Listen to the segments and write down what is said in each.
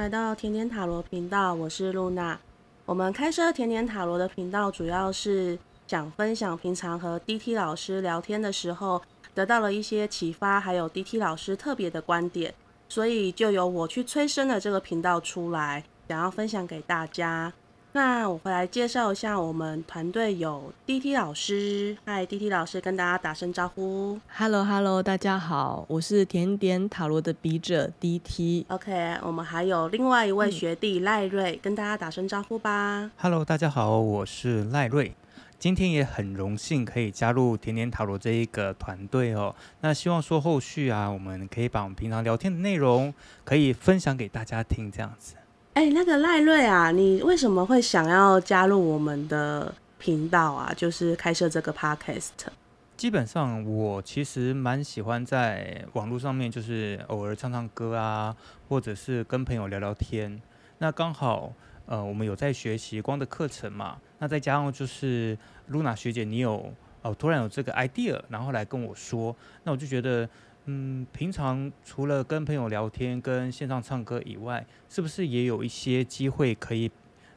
來到甜點塔羅頻道，我是露娜。我們開設甜點塔羅的頻道，主要是想分享平常和 DT 老師聊天的時候得到了一些啟發，還有 DT 老師特別的觀點，所以就由我去催生了這個頻道出來，想要分享給大家。那我會來介紹一下，我們團隊有 DT 老師，嗨，DT 老師跟大家打聲招呼，Hello Hello，大家好，我是甜點塔羅的筆者 DT。OK，我們還有另外一位學弟賴瑞，嗯、跟大家打聲招呼吧。Hello，大家好，我是賴瑞，今天也很榮幸可以加入甜點塔羅這一個團隊哦。那希望說後續啊，我們可以把我們平常聊天的內容可以分享給大家聽，這樣子。哎、欸，那個賴瑞啊，你為什麼會想要加入我們的頻道啊？就是開設這個 podcast。基本上，我其實蠻喜歡在網絡上面，就是偶爾唱唱歌啊，或者是跟朋友聊聊天。那剛好，呃，我們有在學習光的課程嘛。那再加上就是露娜學姐，你有哦、呃，突然有這個 idea，然後來跟我說，那我就覺得。嗯，平常除了跟朋友聊天、跟線上唱歌以外，是不是也有一些機會可以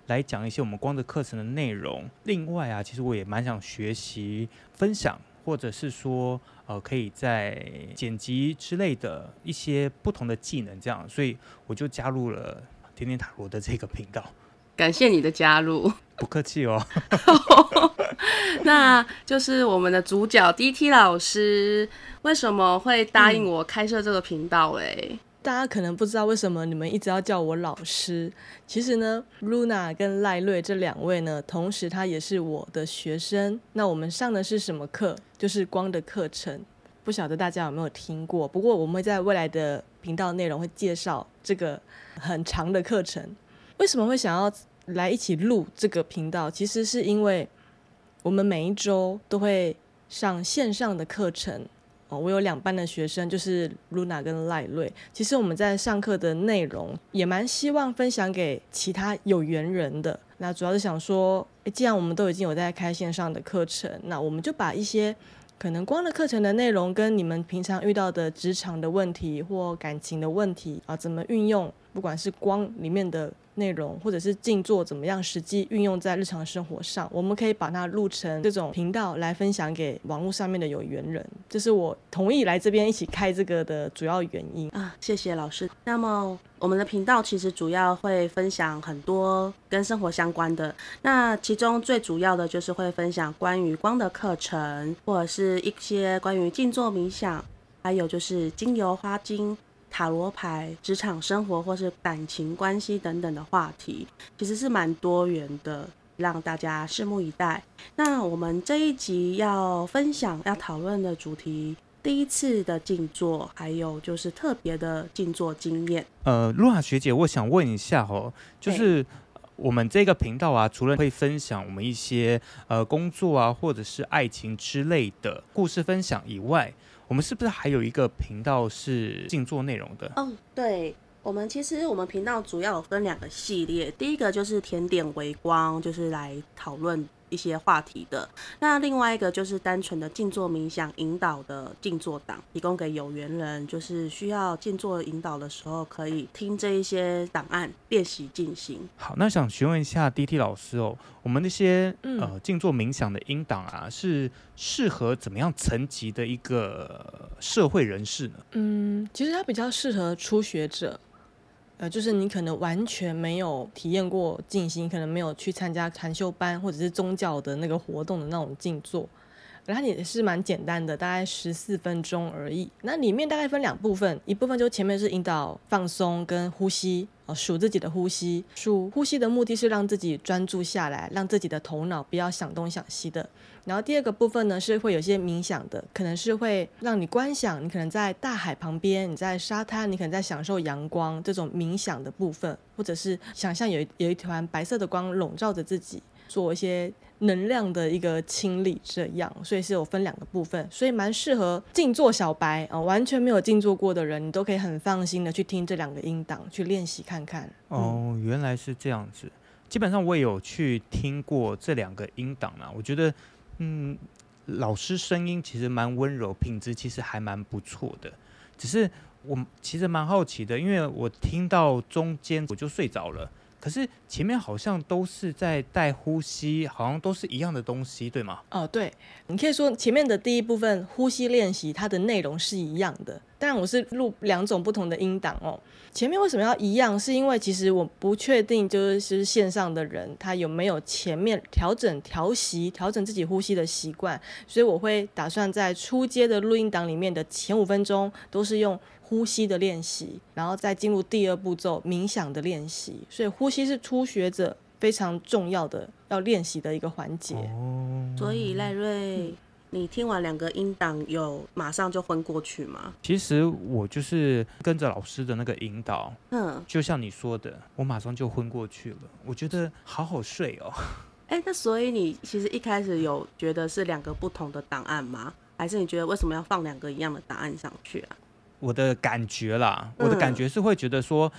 來講一些我們光的課程的內容？另外啊，其實我也蠻想學習分享，或者是說，呃，可以在剪輯之類的一些不同的技能，這樣，所以我就加入了甜點塔羅的這個頻道。感謝你的加入，不客氣哦。 那就是我們的主角 DT 老師為什麼會答應我開設這個頻道、欸？哎、嗯，大家可能不知道為什麼你們一直要叫我老師。其實呢，Luna 跟賴瑞這兩位呢，同時他也是我的學生。那我們上的是什麼課？就是光的課程。不曉得大家有沒有聽過？不過我們在未來的頻道內容會介紹這個很長的課程。為什麼會想要來一起錄這個頻道？其實是因為。我們每一周都會上線上的課程哦，我有兩班的學生，就是露娜跟賴瑞。其實我們在上課的內容也蠻希望分享給其他有緣人的，那主要是想說，哎、欸，既然我們都已經有在開線上的課程，那我們就把一些可能光的課程的內容跟你們平常遇到的職場的問題或感情的問題啊，怎麼運用？不管是光裡面的內容，或者是靜坐怎麼樣實際運用在日常生活上，我們可以把它錄成這種頻道來分享給網絡上面的有緣人。這、就是我同意來這邊一起開這個的主要原因啊！謝謝老師。那麼我們的頻道其實主要會分享很多跟生活相關的，那其中最主要的就是會分享關於光的課程，或者是一些關於靜坐冥想，還有就是精油花精。塔羅牌、職場生活或是感情關係等等的話題，其實是蠻多元的，讓大家拭目以待。那我們這一集要分享、要討論的主題，第一次的靜坐，還有就是特別的靜坐經驗。呃，露娜學姐，我想問一下哦，就是我們這個頻道啊，除了會分享我們一些呃工作啊，或者是愛情之類的故事分享以外，我們是不是還有一個頻道是靜坐內容的？嗯，對，我們其實我們頻道主要有分兩個系列，第一個就是甜點微光，就是來討論。一些話題的，那另外一個就是單純的靜坐冥想引導的靜坐檔，提供給有緣人，就是需要靜坐引導的時候，可以聽這一些檔案練習進行。好，那想詢問一下 D T 老師哦，我們那些呃靜坐冥想的音檔啊，是適合怎麼樣層級的一個社會人士呢？嗯，其實它比較適合初學者。就是，你可能完全沒有體驗過靜心，可能沒有去參加禪修班或者是宗教的那個活動的那種靜坐。然後也是蠻簡單的，大概十四分鐘而已。那裡面大概分兩部分，一部分就前面是引導放鬆跟呼吸，哦，數自己的呼吸，數呼吸的目的是讓自己專注下來，讓自己的頭腦不要想東想西的。然後第二個部分呢是會有些冥想的，可能是會讓你觀想，你可能在大海旁邊，你在沙灘，你可能在享受陽光這種冥想的部分，或者是想象有一有一團白色的光籠罩着自己。做一些能量的一個清理，這樣，所以是有分兩個部分，所以蠻適合靜坐小白啊、哦，完全沒有靜坐過的人，你都可以很放心的去聽這兩個音檔去練習看看。嗯、哦，原來是這樣子。基本上我也有去聽過這兩個音檔嘛，我覺得，嗯，老師聲音其實蠻溫柔，品質其實還蠻不錯的。只是我其實蠻好奇的，因為我聽到中間我就睡着了。可是前面好像都是在帶呼吸，好像都是一樣的東西，對嗎？哦，對，你可以說前面的第一部分呼吸練習，它的內容是一樣的。但我是錄兩種不同的音檔哦。前面為什麼要一樣？是因為其實我不確定，就是線上的人他有沒有前面調整調息、調整自己呼吸的習慣，所以我會打算在初階的錄音檔裡面的前五分鐘都是用。呼吸的練習，然後再進入第二步驟冥想的練習。所以呼吸是初學者非常重要的要練習的一個環節。哦。所以賴瑞，嗯。你聽完兩個音檔有馬上就昏過去嗎？其實我就是跟着老師的那個引導，嗯，就像你說的，我馬上就昏過去了。我覺得好好睡哦。欸，那所以你其實一開始有覺得是兩個不同的檔案嗎？還是你覺得為什麼要放兩個一樣的檔案上去啊？我的感覺啦，嗯、我的感覺是會覺得說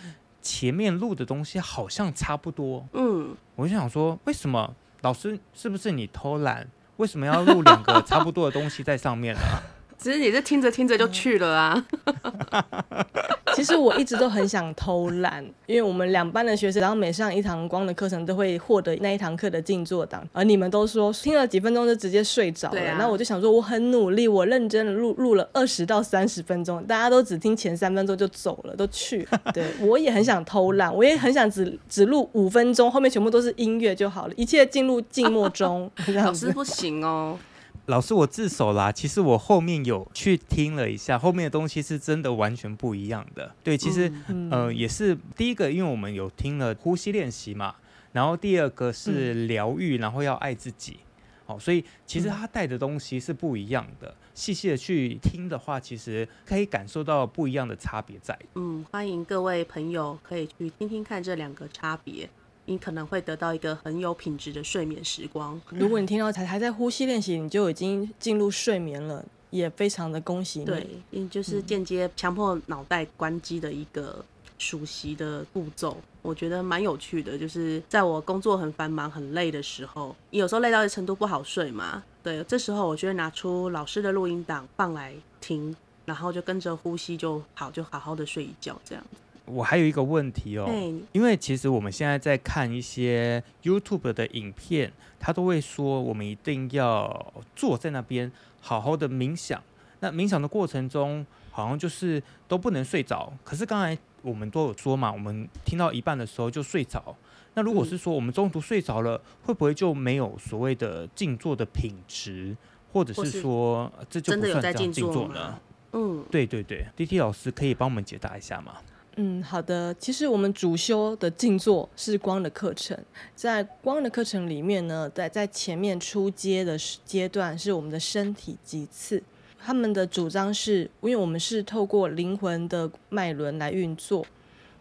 前面錄的東西好像差不多，嗯，我就想說為什麼老師，是不是你偷懶？為什麼要錄兩個差不多的東西在上面呢、啊？ 其實你是聽着聽着就去了啊。 其實我一直都很想偷懶，因為我們兩班的學生，然後每上一堂光的課程都會獲得那一堂課的靜坐檔。而你們都說聽了幾分鐘就直接睡着了，那、啊、我就想說我很努力，我認真的錄錄了二十到三十分鐘，大家都只聽前三分鐘就走了，都去了。對，我也很想偷懶，我也很想只只錄五分鐘，後面全部都是音樂就好了，一切進入靜默中。 老師不行哦。老師，我自首啦。其實我後面有去聽了一下，後面的東西是真的完全不一樣的。對，其實，嗯嗯、呃，也是第一個，因為我們有聽了呼吸練習嘛，然後第二個是療癒，嗯、然後要愛自己。哦。所以其實他帶的東西是不一樣的。細細、嗯、的去聽的話，其實可以感受到不一樣的差別在。嗯，歡迎各位朋友可以去聽聽看這兩個差別。你可能會得到一個很有品質的睡眠時光。嗯，如果你聽到還還在呼吸練習，你就已經進入睡眠了，也非常的恭喜你。對，就是間接強迫腦袋關機的一個熟悉的步驟，嗯，我覺得蠻有趣的。就是在我工作很繁忙、很累的時候，有時候累到一程度不好睡嘛。對，這時候我就會拿出老師的錄音檔放來聽，然後就跟着呼吸就好，就好好的睡一覺這樣子。我還有一個問題哦、喔，因為其實我們現在在看一些 YouTube 的影片，他都會說我們一定要坐在那邊好好的冥想。那冥想的過程中，好像就是都不能睡着。可是剛才我們都有說嘛，我們聽到一半的時候就睡着。那如果是說我們中途睡着了，會不會就沒有所謂的靜坐的品質，或者是說這就不算叫靜坐呢？嗯，對對對，D.T 老師可以幫我們解答一下嗎？嗯，好的。其實我們主修的靜坐是光的課程，在光的課程裡面呢，在在前面初階的階段是我們的身體級次，他們的主張是，因為我們是透過靈魂的脈輪來運作，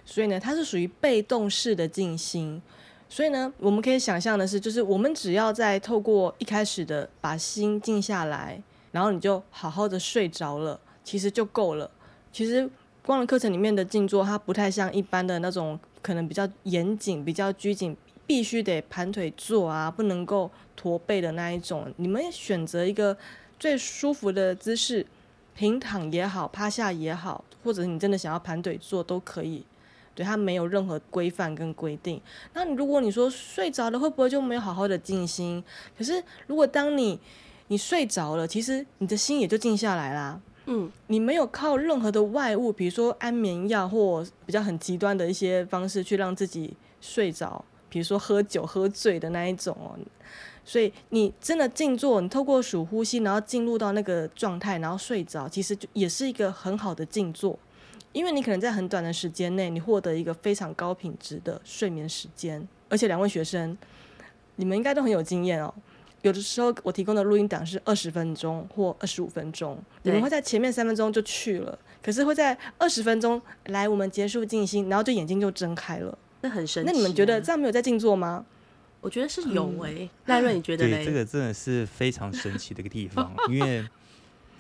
所以呢，它是屬於被動式的靜心，所以呢，我們可以想象的是，就是我們只要在透過一開始的把心靜下來，然後你就好好的睡着了，其實就夠了，其實。光的課程裡面的靜坐，它不太像一般的那種，可能比較嚴謹、比較拘謹，必須得盤腿坐啊，不能夠駝背的那一種。你們選擇一個最舒服的姿勢，平躺也好，趴下也好，或者你真的想要盤腿坐都可以。對，它沒有任何規範跟規定。那你如果你說睡着了，會不會就沒有好好的靜心？可是如果當你你睡着了，其實你的心也就靜下來啦。嗯，你沒有靠任何的外物，比如說安眠藥或比較很極端的一些方式去讓自己睡着，比如說喝酒喝醉的那一種哦。所以你真的靜坐，你透過數呼吸，然後進入到那個狀態，然後睡着，其實就也是一個很好的靜坐，因為你可能在很短的時間內，你獲得一個非常高品質的睡眠時間。而且兩位學生，你們應該都很有經驗哦。有的時候我提供的錄音檔是二十分鐘或二十五分鐘，對你們會在前面三分鐘就去了，可是會在二十分鐘來我們結束靜心，然後這眼睛就睜開了，那很神奇、啊。那你們覺得這樣沒有在靜坐嗎？我覺得是有哎、欸，賴瑞、嗯，賴你覺得呢？對，這個真的是非常神奇的一個地方， 因為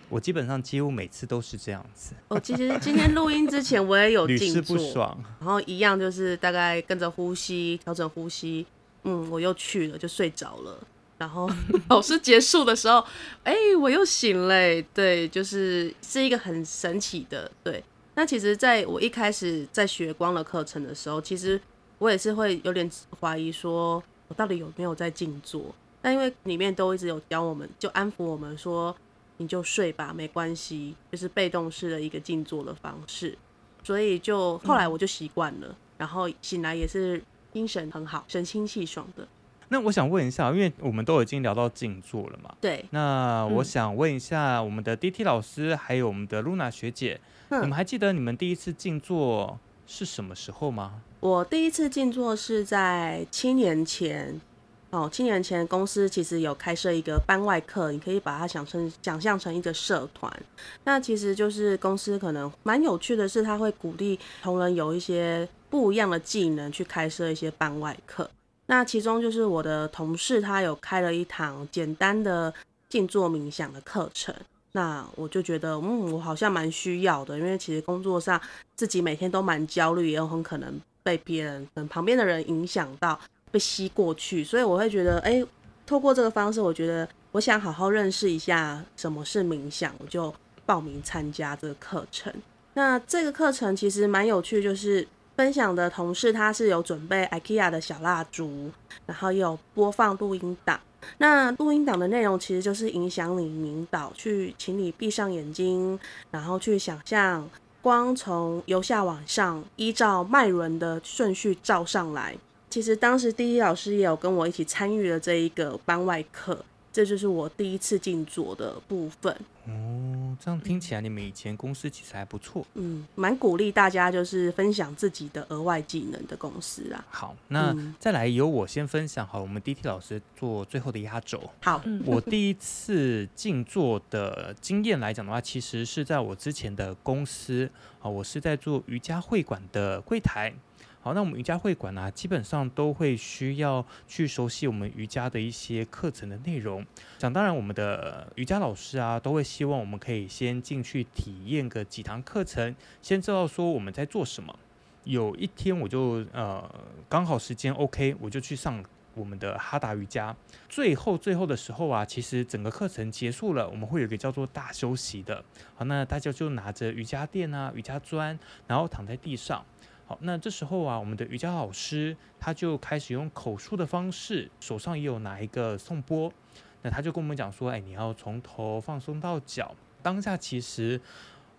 我基本上幾乎每次都是這樣子。哦，其實今天錄音之前我也有靜坐，然後一樣就是大概跟着呼吸，調整呼吸，嗯，我又去了，就睡着了。然後 老師結束的時候，哎、欸，我又醒了、欸。對，就是是一個很神奇的。對，那其實在我一開始在學光的課程的時候，其實我也是會有點懷疑，說我到底有沒有在靜坐。但因為裡面都一直有教我們，就安撫我們說，你就睡吧，沒關係，就是被動式的一個靜坐的方式。所以就後來我就習慣了，然後醒來也是精神很好，神清氣爽的。那我想問一下，因為我們都已經聊到靜坐了嘛？對。那我想問一下，我們的 D.T 老師、嗯、還有我們的露娜學姐，嗯、你們還記得你們第一次靜坐是什麼時候嗎？我第一次靜坐是在七年前。哦，七年前公司其實有開設一個班外課，你可以把它想成想象成一個社團。那其實就是公司可能蠻有趣的是，它會鼓勵同仁有一些不一樣的技能去開設一些班外課。那其中就是我的同事，他有開了一堂簡單的靜坐冥想的課程。那我就覺得，嗯，我好像蠻需要的，因為其實工作上自己每天都蠻焦慮，也有很可能被別人旁邊的人影響到，被吸過去。所以我會覺得，哎、欸，透過這個方式，我覺得我想好好認識一下什麼是冥想，我就報名參加這個課程。那這個課程其實蠻有趣，就是，分享的同事他是有準備 IKEA 的小蠟燭，然後也有播放錄音檔。那錄音檔的內容其實就是影響你引導去，請你閉上眼睛，然後去想象光從由下往上，依照脈輪的順序照上來。其實當時 D.T 老師也有跟我一起參與了這一個班外課，這就是我第一次靜坐的部分。嗯這樣聽起來，你們以前公司其實還不錯。嗯，蠻鼓勵大家就是分享自己的額外技能的公司啊。好，那再來由我先分享。好，我們 D.T 老師做最後的壓軸。好、嗯，我第一次靜坐的經驗來講的話，其實是在我之前的公司啊，我是在做瑜伽會館的櫃台。好，那我們瑜伽會館呢、啊，基本上都會需要去熟悉我們瑜伽的一些課程的內容。想當然，我們的瑜伽老師啊，都會希望我們可以先進去體驗個幾堂課程，先知道說我們在做什麼。有一天，我就呃剛好時間 OK，我就去上我們的哈達瑜伽。最後最後的時候啊，其實整個課程結束了，我們會有一個叫做大休息的。好，那大家就拿着瑜伽墊啊、瑜伽磚，然後躺在地上。那這時候啊，我們的瑜伽老師他就開始用口述的方式，手上也有拿一個頌缽，那他就跟我們講說，哎，你要從頭放鬆到腳。當下其實，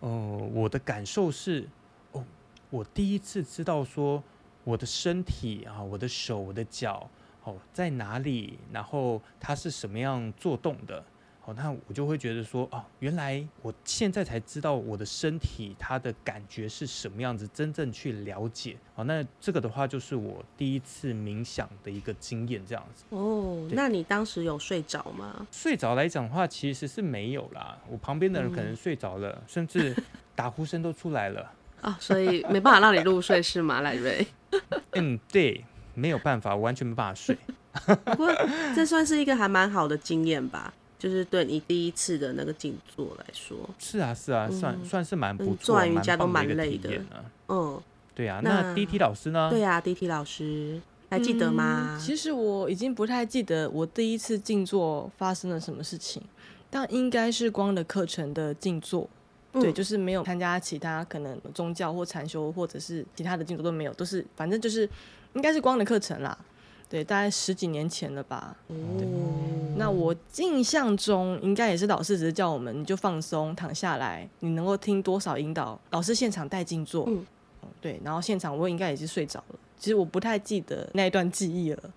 呃，我的感受是，哦，我第一次知道說我的身體啊，哦，我的手，我的腳，哦，在哪裡，然後它是什麼樣做動的。哦，那我就會覺得說，哦，原來我現在才知道我的身體它的感覺是什麼樣子，真正去了解。哦，那這個的話就是我第一次冥想的一個經驗，這樣子。哦，對那你當時有睡着嗎？睡着來講的話，其實是沒有啦。我旁邊的人可能睡着了，嗯、甚至打呼聲都出來了。啊、哦，所以沒辦法讓你入睡是嗎，賴 瑞？嗯，對，沒有辦法，完全沒辦法睡。 不過這算是一個還蠻好的經驗吧。就是對你第一次的那個靜坐來說，是啊是啊，是啊嗯、算算是蠻不錯，蠻、嗯、棒的一個體驗啊。嗯，對呀、啊，那，那 DT 老師呢？對啊，DT 老師還記得嗎？嗯？其實我已經不太記得我第一次靜坐發生了什麼事情，但應該是光的課程的靜坐，嗯、對，就是沒有參加其他可能宗教或禪修，或者是其他的靜坐都沒有，都是反正就是應該是光的課程啦。對，大概十幾年前了吧。哦，對，那我印象中應該也是老師只是叫我們，你就放鬆，躺下來，你能夠聽多少引導，老師現場帶靜坐。嗯，對，然後現場我應該也是睡着了，其實我不太記得那一段記憶了。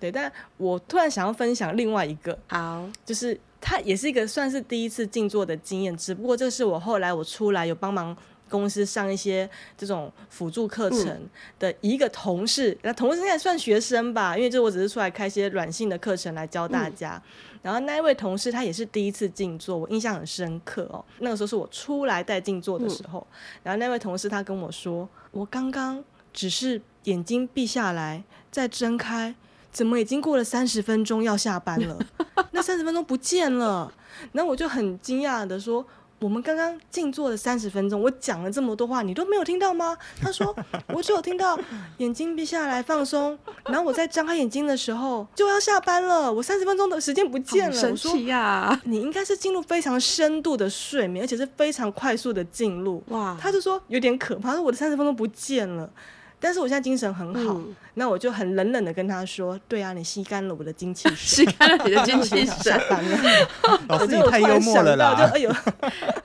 對，但我突然想要分享另外一個，好，就是他也是一個算是第一次靜坐的經驗，只不過這是我後來我出來有幫忙。公司上一些這種輔助課程的一個同事，那、嗯、同事現在算學生吧，因為這我只是出來開一些軟性的課程來教大家。嗯、然後那一位同事他也是第一次靜坐，我印象很深刻哦、喔。那個時候是我出來帶靜坐的時候，嗯、然後那位同事他跟我說：“嗯、我剛剛只是眼睛閉下來再睜開，怎麼已經過了三十分鐘要下班了？ 那三十分鐘不見了。”然後我就很驚訝的說。我們剛剛靜坐了三十分鐘，我講了這麼多話，你都沒有聽到嗎？他說，我只有聽到眼睛閉下來放鬆，然後我再張開眼睛的時候就要下班了，我三十分鐘的時間不見了。神奇呀、啊，我說，你應該是進入非常深度的睡眠，而且是非常快速的進入。哇，他就說有點可怕，他說我的三十分鐘不見了。但是我現在精神很好，嗯、那我就很冷冷的跟他說：“對啊，你吸乾了我的精氣神， 吸乾了你的精氣神。 我就”我、 欸、對我沒有想到，就哎、是、呦，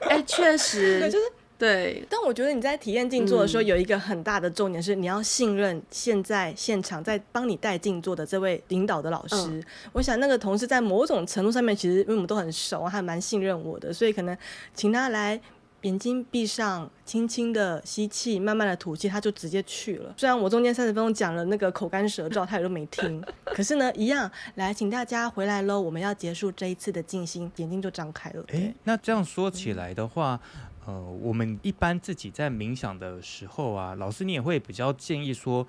哎，確實對。但我覺得你在體驗靜坐的時候，有一個很大的重點是，你要信任現在現場在幫你帶靜坐的這位領導的老師。嗯、我想那個同事在某種程度上面，其實因為我們都很熟、啊，還蠻信任我的，所以可能請他來。眼睛閉上，輕輕的吸氣，慢慢的吐氣，它就直接去了。雖然我中間三十分鐘講了那個口乾舌燥，他也都沒聽，可是呢，一樣來，請大家回來嘍，我們要結束這一次的靜心，眼睛就張開了。誒，那這樣說起來的話，呃，我們一般自己在冥想的時候啊，老師你也會比較建議說。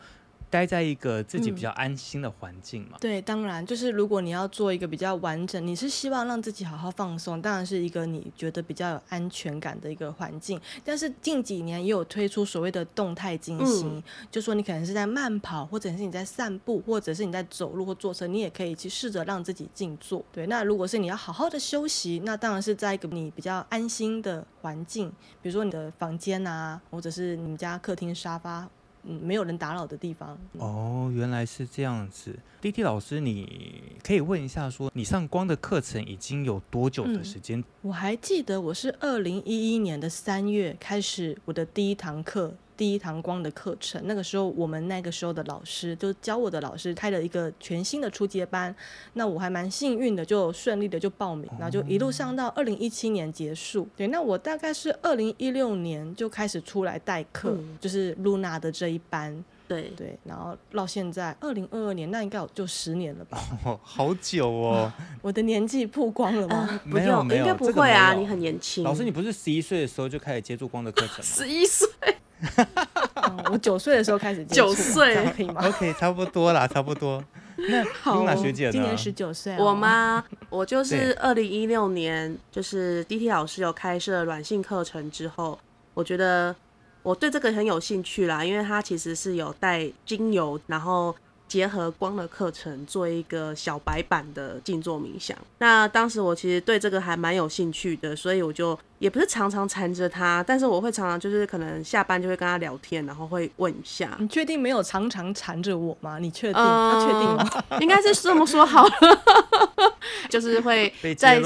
待在一個自己比較安心的環境嘛，嗯？對，當然就是如果你要做一個比較完整，你是希望讓自己好好放鬆，當然是一個你覺得比較有安全感的一個環境。但是近幾年也有推出所謂的動態靜心，嗯，就說你可能是在慢跑，或者是你在散步，或者是你在走路或坐車，你也可以去試着讓自己靜坐。對，那如果是你要好好的休息，那當然是在一個你比較安心的環境，比如說你的房間啊，或者是你們家客廳沙發。嗯，沒有人打擾的地方。哦，原來是這樣子。DT 老師，你可以問一下說，說你上光的課程已經有多久的時間？嗯？我還記得我是二零一一年的三月開始我的第一堂課。第一堂光的課程，那個時候我們那個時候的老師，就是教我的老師，開了一個全新的初階班，那我還蠻幸運的，就順利的就報名，然後就一路上到二零一七年結束。哦、對，那我大概是二零一六年就開始出來代課，嗯、就是露娜的這一班。對、嗯、對，然後到現在二零二二年，那應該有就十年了吧？哦，好久哦。啊、我的年紀曝光了嗎？呃、不就沒有，沒有應該不會啊，你很年輕。老師，你不是十一歲的時候就開始接觸光的課程嗎？十一歲。 哦、我九歲的時候開始，九歲，可以嗎？OK 差不多啦，差不多。 那好今年十九歲，我媽，我就是二零一六年，就是 DT 老師有開設軟性課程之後，對我覺得我對這個很有興趣啦，因為它其實是有帶精油，然後。結合光的課程做一個小白板的靜坐冥想，那當時我其實對這個還蠻有興趣的，所以我就也不是常常纏着他，但是我會常常就是可能下班就會跟他聊天，然後會問一下。你確定沒有常常纏着我嗎？你確定？嗯、他確定嗎？應該是這麼說好了， 就是會在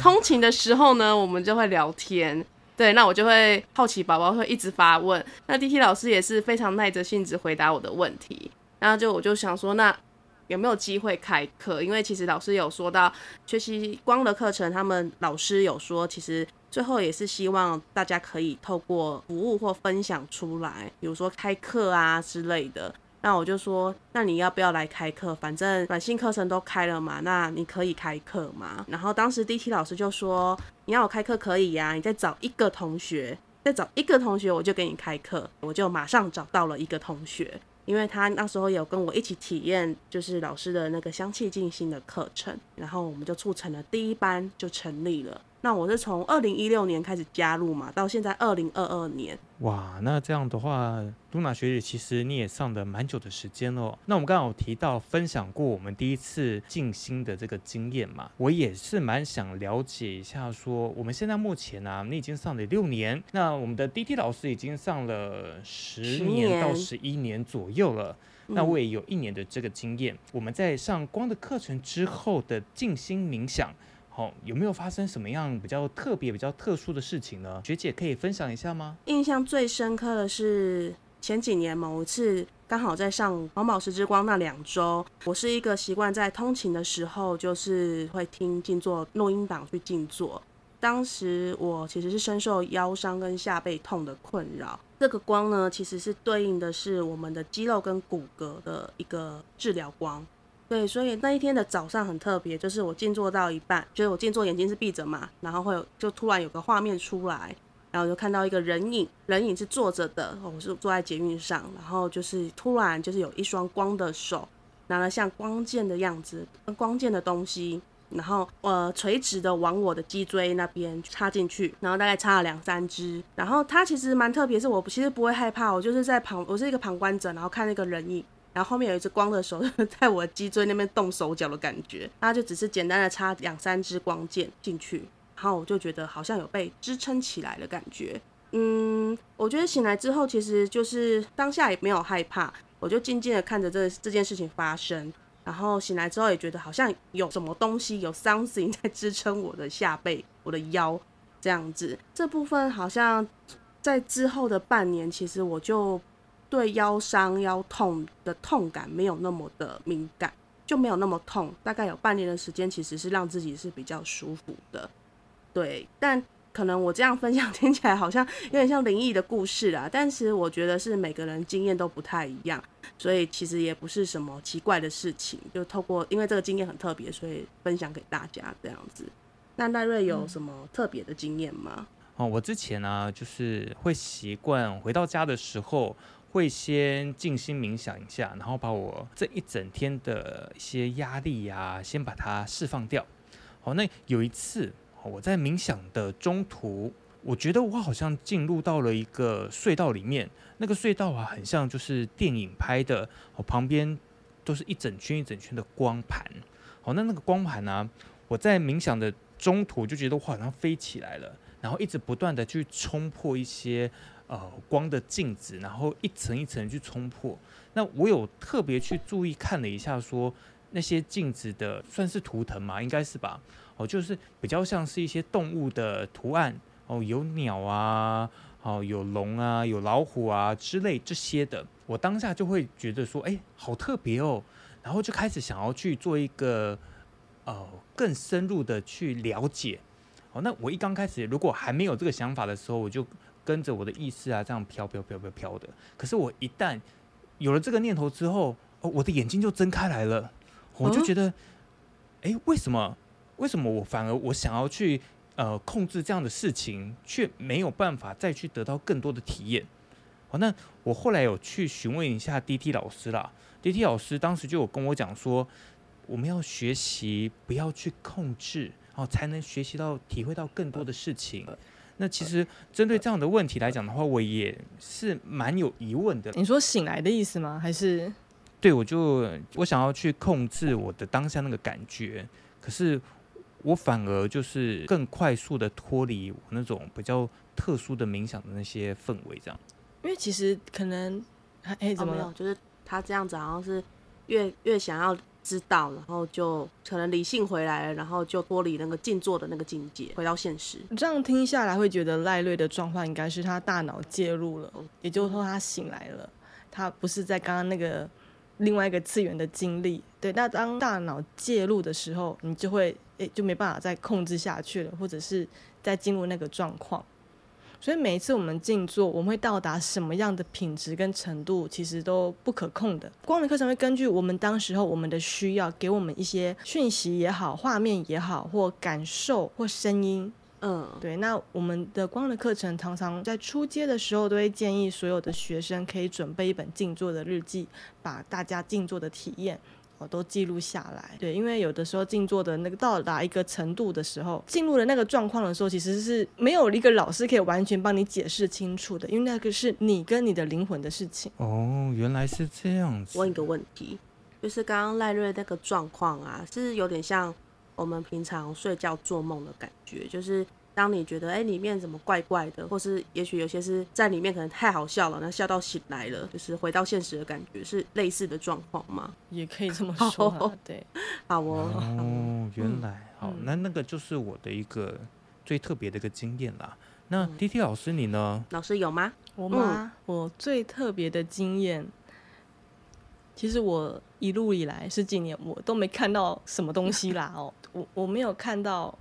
通勤的時候呢，我們就會聊天。對，那我就會好奇寶寶會一直發問。那 D.T 老師也是非常耐着性子回答我的問題。然後就我就想說，那有沒有機會開課？因為其實老師有說到學習光的課程，他們老師有說，其實最後也是希望大家可以透過服務或分享出來，比如說開課啊之類的。那我就說，那你要不要來開課？反正軟性課程都開了嘛，那你可以開課嘛。然後當時 DT 老師就說，你要我開課可以呀、啊，你再找一個同學，再找一個同學，我就給你開課。我就馬上找到了一個同學。因為他那時候有跟我一起體驗，就是老師的那個香氣靜心的課程，然後我們就促成了第一班就成立了。那我是從二零一六年開始加入嘛，到現在二零二二年。哇，那這樣的話，露娜學姐其實你也上了蠻久的時間了。那我們剛剛有提到分享過我們第一次靜心的這個經驗嘛，我也是蠻想了解一下說，說我們現在目前啊，你已經上了六年，那我們的 D.T 老師已經上了十年到十一年左右了，十年。那我也有一年的這個經驗。嗯、我們在上光的課程之後的靜心冥想。好、哦，有沒有發生什麼樣比較特別、比較特殊的事情呢？學姐，可以分享一下嗎？印象最深刻的是前幾年某一次，剛好在上黃寶石之光那兩週，我是一個習慣在通勤的時候，就是會聽靜坐錄音檔去靜坐。當時我其實是深受腰傷跟下背痛的困擾。這個光呢，其實是對應的是我們的肌肉跟骨骼的一個治療光。對，所以那一天的早上很特別，就是我靜坐到一半，就是我靜坐眼睛是閉着嘛，然後會有就突然有個畫面出來，然後就看到一個人影，人影是坐着的，我是坐在捷運上，然後就是突然就是有一雙光的手，拿了像光劍的樣子，光劍的東西，然後呃垂直的往我的脊椎那邊插進去，然後大概插了兩三支，然後它其實蠻特別，是我其實不會害怕，我就是在旁，我是一個旁觀者，然後看那個人影。然後後面有一隻光的手在我的脊椎那邊動手腳的感覺，它就只是簡單的插兩三支光劍進去，然後我就覺得好像有被支撐起來的感覺。嗯，我覺得醒來之後，其實就是當下也沒有害怕，我就靜靜的看着這這件事情發生。然後醒來之後也覺得好像有什麼東西有 something 在支撐我的下背、我的腰這樣子。這部分好像在之後的半年，其實我就。對腰傷、腰痛的痛感沒有那麼的敏感，就沒有那麼痛。大概有半年的時間，其實是讓自己是比較舒服的。對，但可能我這樣分享聽起來好像有點像靈異的故事啦。但是我覺得是每個人經驗都不太一樣，所以其實也不是什麼奇怪的事情。就透過因為這個經驗很特別，所以分享給大家這樣子。那賴瑞有什麼特別的經驗嗎？嗯、哦，我之前呢、啊，就是會習慣回到家的時候。會先靜心冥想一下，然後把我這一整天的一些壓力呀、啊，先把它釋放掉。好，那有一次，我在冥想的中途，我覺得我好像進入到了一個隧道裡面，那個隧道啊，很像就是電影拍的，旁邊都是一整圈一整圈的光盤。好，那那個光盤呢、啊，我在冥想的中途就覺得我好像飛起來了，然後一直不斷地去衝破一些。呃，光的鏡子，然後一層一層去衝破。那我有特別去注意看了一下說，說那些鏡子的算是圖騰嗎，應該是吧？哦、呃，就是比較像是一些動物的圖案哦、呃，有鳥啊，哦、呃，有龍啊，有老虎啊之類這些的。我當下就會覺得說，哎、欸，好特別哦、喔，然後就開始想要去做一個呃更深入的去了解。哦、呃，那我一剛開始如果還沒有這個想法的時候，我就。跟着我的意思啊，這樣飄飄飄飄飄的。可是我一旦有了這個念頭之後，哦，我的眼睛就睜開來了。哦、我就覺得，哎、欸，為什麼？為什麼我反而我想要去呃控制這樣的事情，卻沒有辦法再去得到更多的體驗？哦，那我後來有去詢問一下 D.T 老師啦。D.T 老師當時就有跟我講說，我們要學習不要去控制然後、哦、才能學習到體會到更多的事情。那其實針對這樣的問題來講的話，嗯、我也是蠻有疑問的。你說“醒來的”意思嗎？還是？對，我就我想要去控制我的當下那個感覺，嗯、可是我反而就是更快速的脫離我那種比較特殊的冥想的那些氛圍，這樣。因為其實可能，哎、欸，怎麼沒有？Oh, no. 就是他這樣子好像是越越想要。知道，然後就可能理性回來了，然後就脫離那個靜坐的那個境界，回到現實。這樣聽下來，會覺得賴瑞的狀況應該是他大腦介入了，也就是說他醒來了，他不是在剛剛那個另外一個次元的經歷。對，那當大腦介入的時候，你就會誒、欸、就沒辦法再控制下去了，或者是再進入那個狀況。所以每一次我們靜坐，我們會到達什麼樣的品質跟程度，其實都不可控的。光的課程會根據我們當時候我們的需要，給我們一些訊息也好，畫面也好，或感受或聲音，嗯，對。那我們的光的課程常常在初階的時候，都會建議所有的學生可以準備一本靜坐的日記，把大家靜坐的體驗。我都記錄下來，對，因為有的時候靜坐的那個到達一個程度的時候，進入了那個狀況的時候，其實是沒有一個老師可以完全幫你解釋清楚的，因為那個是你跟你的靈魂的事情。哦，原來是這樣子。問一個問題，就是剛剛賴瑞那個狀況啊，是有點像我們平常睡覺做夢的感覺，就是。當你覺得哎、欸、裡面怎麼怪怪的，或是也許有些是在裡面可能太好笑了，那笑到醒來了，就是回到現實的感覺，是類似的狀況嗎？也可以這麼說、啊，oh, 對，好哦。哦，好原來、嗯、好，那那個就是我的一個最特別的一個經驗啦。那 D.T 老師你呢？老師有嗎？我嗎媽？嗯、我最特別的經驗，其實我一路以來十幾年我都沒看到什麼東西啦。哦， 我我沒有看到。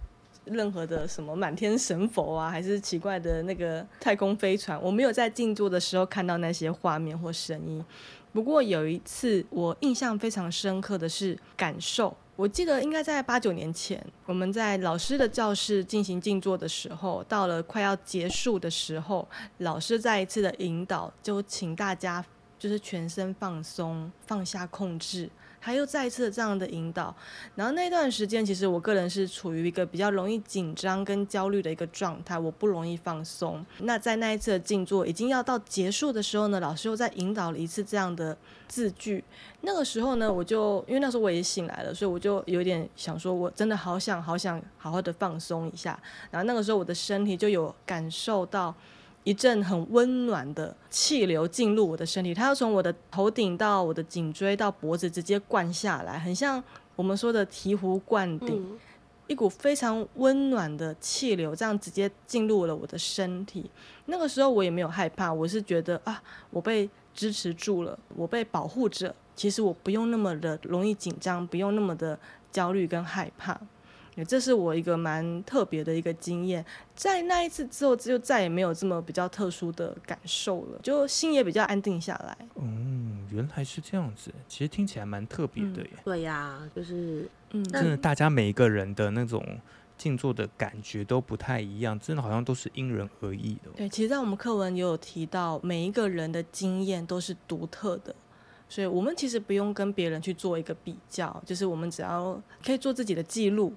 任何的什麼滿天神佛啊，還是奇怪的那個太空飛船，我沒有在靜坐的時候看到那些畫面或聲音。不過有一次，我印象非常深刻的是感受。我記得應該在八九年前，我們在老師的教室進行靜坐的時候，到了快要結束的時候，老師再一次的引導，就請大家就是全身放鬆，放下控制。他又再一次這樣的引導，然後那段時間其實我個人是處於一個比較容易緊張跟焦慮的一個狀態，我不容易放鬆。那在那一次的靜坐已經要到結束的時候呢，老師又再引導了一次這樣的字句。那個時候呢，我就因為那時候我也醒來了，所以我就有點想說，我真的好想好想好好的放鬆一下。然後那個時候我的身體就有感受到。一陣很溫暖的氣流進入我的身體，它要從我的頭頂到我的頸椎到脖子直接灌下來，很像我們說的醍醐灌頂，嗯、一股非常溫暖的氣流這樣直接進入了我的身體。那個時候我也沒有害怕，我是覺得啊，我被支持住了，我被保護着，其實我不用那麼的容易緊張，不用那麼的焦慮跟害怕。這是我一個蠻特別的一個經驗，在那一次之後，就再也沒有這麼比較特殊的感受了，就心也比較安定下來。嗯，原來是這樣子，其實聽起來蠻特別的耶。嗯，對呀，啊，就是嗯，真的，大家每一個人的那種靜坐的感覺都不太一樣，真的好像都是因人而異的。對，其實，在我們課文也有提到，每一個人的經驗都是獨特的，所以我們其實不用跟別人去做一個比較，就是我們只要可以做自己的記錄。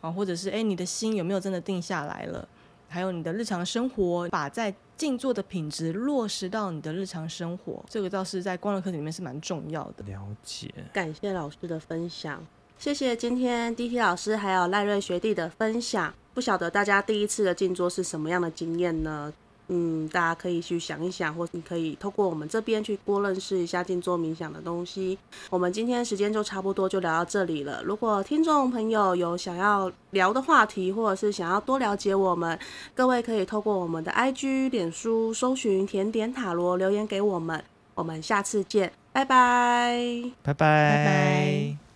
啊，或者是誒，你的心有沒有真的定下來了？還有你的日常生活，把在靜坐的品質落實到你的日常生活，這個倒是在光的課程裡面是蠻重要的。了解，感謝老師的分享，謝謝今天 D.T 老師還有賴瑞學弟的分享。不曉得大家第一次的靜坐是什麼樣的經驗呢？嗯，大家可以去想一想，或你可以透過我們這邊去多認識一下靜坐冥想的東西。我們今天時間就差不多，就聊到這裡了。如果聽眾朋友有想要聊的話題，或者是想要多了解我們，各位可以透過我們的 IG、臉書搜尋“甜點塔羅”留言給我們。我們下次見，拜拜，拜拜，拜拜。拜拜